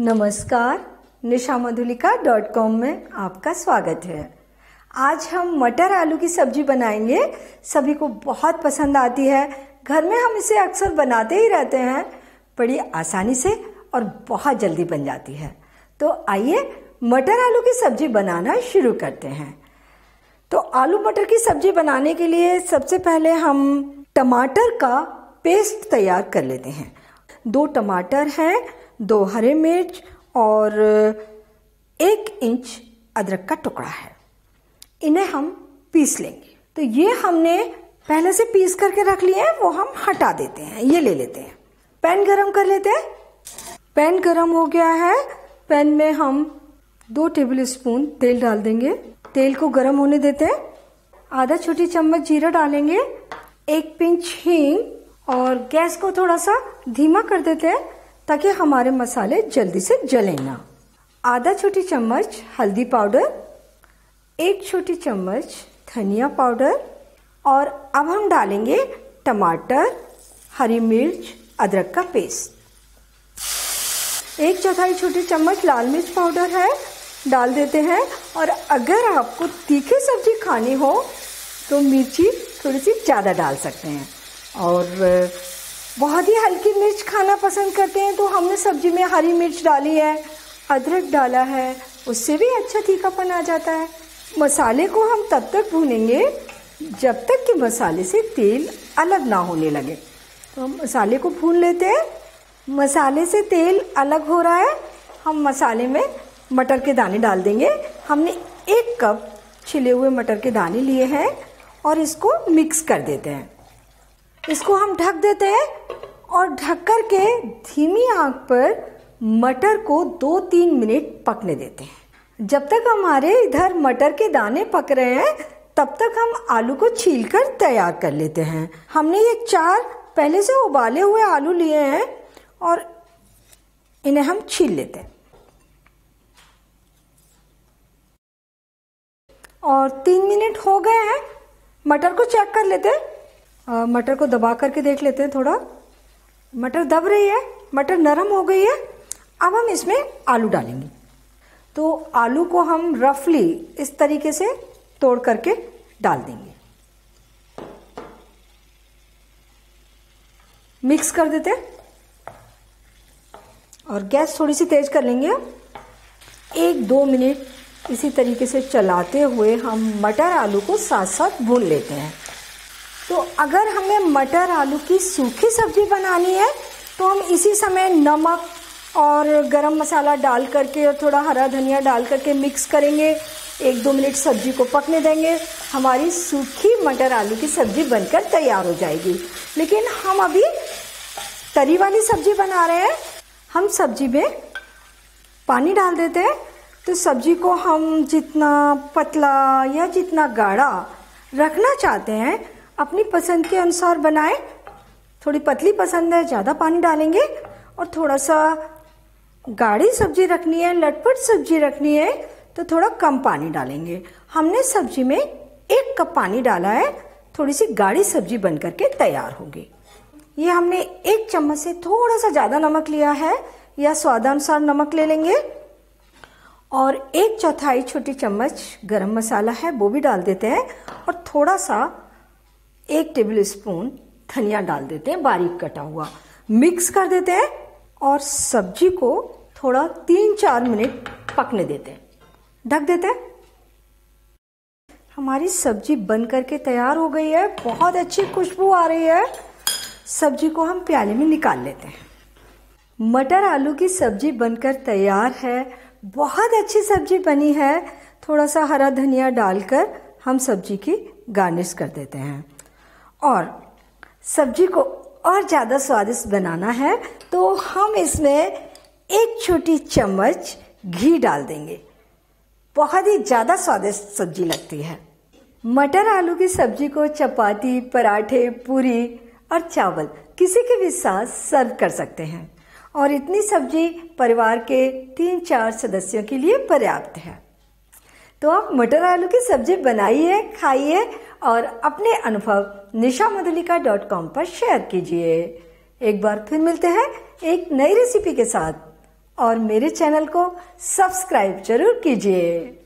नमस्कार Nisha Madhulika dot com में आपका स्वागत है आज हम मटर आलू की सब्जी बनाएंगे सभी को बहुत पसंद आती है घर में हम इसे अक्सर बनाते ही रहते हैं बड़ी आसानी से और बहुत जल्दी बन जाती है तो आइए मटर आलू की सब्जी बनाना शुरू करते हैं तो आलू मटर की सब्जी बनाने के लिए सबसे पहले हम टमाटर का पेस्ट तैयार कर लेते हैं दो टमाटर हैं दो हरे मिर्च और एक इंच अदरक का टुकड़ा है इन्हें हम पीस लेंगे तो ये हमने पहले से पीस करके रख लिए हैं वो हम हटा देते हैं ये ले लेते हैं पैन गरम कर लेते हैं पैन गरम हो गया है पैन में हम दो टेबल स्पून तेल डाल देंगे तेल को गरम होने देते हैं आधा छोटी चम्मच जीरा डालेंगे एक पिंच हींग और गैस को थोड़ा सा धीमा कर देते हैं ताकि हमारे मसाले जल्दी से जले ना आधा छोटी चम्मच हल्दी पाउडर एक छोटी चम्मच धनिया पाउडर और अब हम डालेंगे टमाटर हरी मिर्च अदरक का पेस्ट एक चौथाई छोटी चम्मच लाल मिर्च पाउडर है डाल देते हैं और अगर आपको तीखी सब्जी खानी हो तो मिर्ची थोड़ी सी ज़्यादा डाल सकते हैं और बहुत ही हल्की मिर्च खाना पसंद करते हैं तो हमने सब्जी में हरी मिर्च डाली है अदरक डाला है उससे भी अच्छा तीखापन आ जाता है मसाले को हम तब तक भूनेंगे जब तक कि मसाले से तेल अलग ना होने लगे तो हम मसाले को भून लेते हैं मसाले से तेल अलग हो रहा है हम मसाले में मटर के दाने डाल देंगे हमने एक कप छिले हुए मटर के दाने लिए हैं और इसको मिक्स कर देते हैं इसको हम ढक देते हैं और ढक कर के धीमी आंख पर मटर को दो तीन मिनट पकने देते हैं जब तक हमारे इधर मटर के दाने पक रहे हैं तब तक हम आलू को छील कर तैयार कर लेते हैं हमने ये चार पहले से उबाले हुए आलू लिए हैं और इन्हें हम छील लेते हैं और तीन मिनट हो गए हैं मटर को चेक कर लेते हैं मटर को दबा करके देख लेते हैं थोड़ा मटर दब रही है मटर नरम हो गई है अब हम इसमें आलू डालेंगे तो आलू को हम रफली इस तरीके से तोड़ करके डाल देंगे मिक्स कर देते और गैस थोड़ी सी तेज कर लेंगे एक दो मिनट इसी तरीके से चलाते हुए हम मटर आलू को साथ साथ भून लेते हैं तो अगर हमें मटर आलू की सूखी सब्जी बनानी है तो हम इसी समय नमक और गरम मसाला डाल करके और थोड़ा हरा धनिया डाल करके मिक्स करेंगे एक दो मिनट सब्जी को पकने देंगे हमारी सूखी मटर आलू की सब्जी बनकर तैयार हो जाएगी लेकिन हम अभी तरी वाली सब्जी बना रहे हैं हम सब्जी में पानी डाल देते हैं तो सब्जी को हम जितना पतला या जितना गाढ़ा रखना चाहते हैं अपनी पसंद के अनुसार बनाएं थोड़ी पतली पसंद है ज़्यादा पानी डालेंगे और थोड़ा सा गाढ़ी सब्जी रखनी है लटपट सब्जी रखनी है तो थोड़ा कम पानी डालेंगे हमने सब्जी में एक कप पानी डाला है थोड़ी सी गाढ़ी सब्जी बन करके तैयार होगी ये हमने एक चम्मच से थोड़ा सा ज़्यादा नमक लिया है या स्वादानुसार नमक ले लेंगे और एक चौथाई छोटी चम्मच गरम मसाला है वो भी डाल देते हैं और थोड़ा सा एक टेबल स्पून धनिया डाल देते हैं बारीक कटा हुआ मिक्स कर देते हैं और सब्जी को थोड़ा तीन चार मिनट पकने देते हैं ढक देते हैं हमारी सब्जी बन करके तैयार हो गई है बहुत अच्छी खुशबू आ रही है सब्जी को हम प्याले में निकाल लेते हैं मटर आलू की सब्जी बनकर तैयार है बहुत अच्छी सब्जी बनी है थोड़ा सा हरा धनिया डालकर हम सब्जी की गार्निश कर देते हैं और सब्जी को और ज़्यादा स्वादिष्ट बनाना है तो हम इसमें एक छोटी चम्मच घी डाल देंगे बहुत ही ज़्यादा स्वादिष्ट सब्जी लगती है मटर आलू की सब्जी को चपाती पराठे पूरी और चावल किसी के भी साथ सर्व कर सकते हैं और इतनी सब्जी परिवार के तीन चार सदस्यों के लिए पर्याप्त है तो आप मटर आलू की सब्जी बनाइए खाइए और अपने अनुभव निशा मधुलिका डॉट कॉम पर शेयर कीजिए एक बार फिर मिलते हैं एक नई रेसिपी के साथ और मेरे चैनल को सब्सक्राइब जरूर कीजिए